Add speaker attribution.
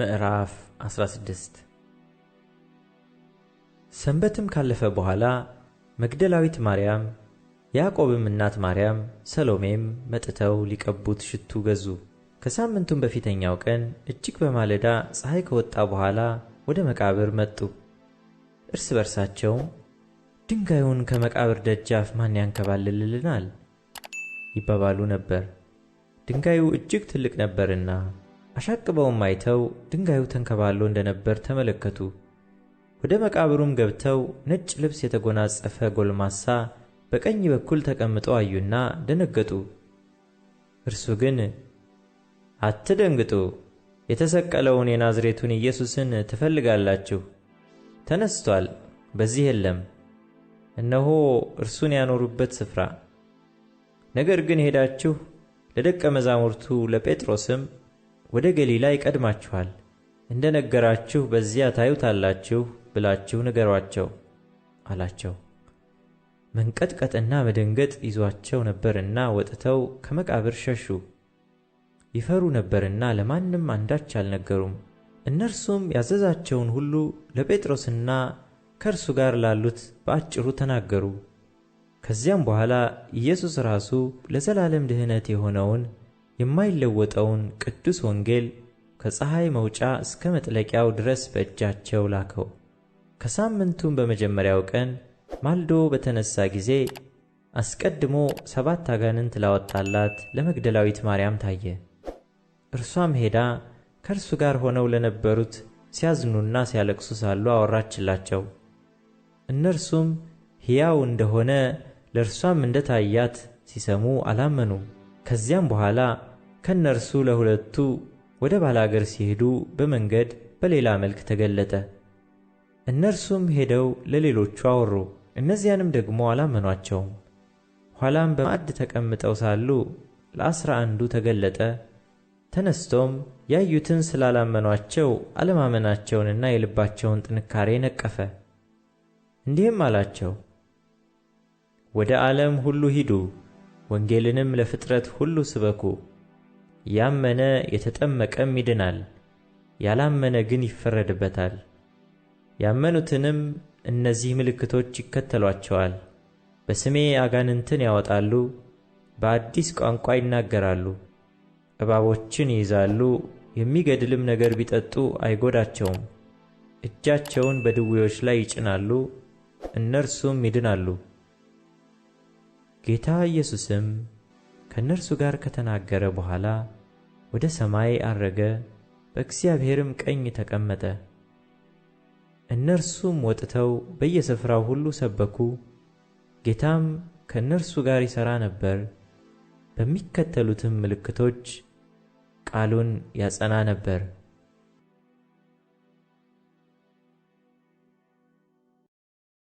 Speaker 1: ምዕራፍ 16 ሰንበትም ካለፈ በኋላ መግደላዊት ማርያም፣ ያዕቆብም እናት ማርያም፣ ሰሎሜም መጥተው ሊቀቡት ሽቱ ገዙ። ከሳምንቱም በፊተኛው ቀን እጅግ በማለዳ ፀሐይ ከወጣ በኋላ ወደ መቃብር መጡ። እርስ በርሳቸው ድንጋዩን ከመቃብር ደጃፍ ማን ያንከባልልልናል? ይባባሉ ነበር፣ ድንጋዩ እጅግ ትልቅ ነበርና። አሻቅበውም አይተው ድንጋዩ ተንከባሎ እንደነበር ተመለከቱ። ወደ መቃብሩም ገብተው ነጭ ልብስ የተጎናጸፈ ጎልማሳ በቀኝ በኩል ተቀምጦ አዩና ደነገጡ። እርሱ ግን አትደንግጡ፣ የተሰቀለውን የናዝሬቱን ኢየሱስን ትፈልጋላችሁ። ተነስቷል፣ በዚህ የለም። እነሆ እርሱን ያኖሩበት ስፍራ። ነገር ግን ሄዳችሁ ለደቀ መዛሙርቱ ለጴጥሮስም ወደ ገሊላ ይቀድማችኋል፣ እንደ ነገራችሁ በዚያ ታዩታላችሁ ብላችሁ ንገሯቸው አላቸው። መንቀጥቀጥና መደንገጥ ይዟቸው ነበርና ወጥተው ከመቃብር ሸሹ። ይፈሩ ነበርና ለማንም አንዳች አልነገሩም። እነርሱም ያዘዛቸውን ሁሉ ለጴጥሮስና ከእርሱ ጋር ላሉት በአጭሩ ተናገሩ። ከዚያም በኋላ ኢየሱስ ራሱ ለዘላለም ድኅነት የሆነውን የማይለወጠውን ቅዱስ ወንጌል ከፀሐይ መውጫ እስከ መጥለቂያው ድረስ በእጃቸው ላከው። ከሳምንቱም በመጀመሪያው ቀን ማልዶ በተነሳ ጊዜ አስቀድሞ ሰባት አጋንንት ላወጣላት ለመግደላዊት ማርያም ታየ። እርሷም ሄዳ ከእርሱ ጋር ሆነው ለነበሩት ሲያዝኑና ሲያለቅሱ ሳሉ አወራችላቸው። እነርሱም ሕያው እንደሆነ ለእርሷም እንደታያት ሲሰሙ አላመኑም። ከዚያም በኋላ ከእነርሱ ለሁለቱ ወደ ባላገር ሲሄዱ በመንገድ በሌላ መልክ ተገለጠ። እነርሱም ሄደው ለሌሎቹ አወሩ፣ እነዚያንም ደግሞ አላመኗቸውም። ኋላም በማዕድ ተቀምጠው ሳሉ ለአስራ አንዱ ተገለጠ። ተነስቶም ያዩትን ስላላመኗቸው አለማመናቸውንና የልባቸውን ጥንካሬ ነቀፈ። እንዲህም አላቸው፣ ወደ ዓለም ሁሉ ሂዱ፣ ወንጌልንም ለፍጥረት ሁሉ ስበኩ። ያመነ የተጠመቀም ይድናል፣ ያላመነ ግን ይፈረድበታል። ያመኑትንም እነዚህ ምልክቶች ይከተሏቸዋል። በስሜ አጋንንትን ያወጣሉ፣ በአዲስ ቋንቋ ይናገራሉ፣ እባቦችን ይይዛሉ፣ የሚገድልም ነገር ቢጠጡ አይጎዳቸውም። እጃቸውን በድዌዎች ላይ ይጭናሉ፣ እነርሱም ይድናሉ። ጌታ ኢየሱስም ከእነርሱ ጋር ከተናገረ በኋላ ወደ ሰማይ አረገ፣ በእግዚአብሔርም ቀኝ ተቀመጠ። እነርሱም ወጥተው በየስፍራው ሁሉ ሰበኩ። ጌታም ከእነርሱ ጋር ይሠራ ነበር፣ በሚከተሉትም ምልክቶች ቃሉን ያጸና ነበር።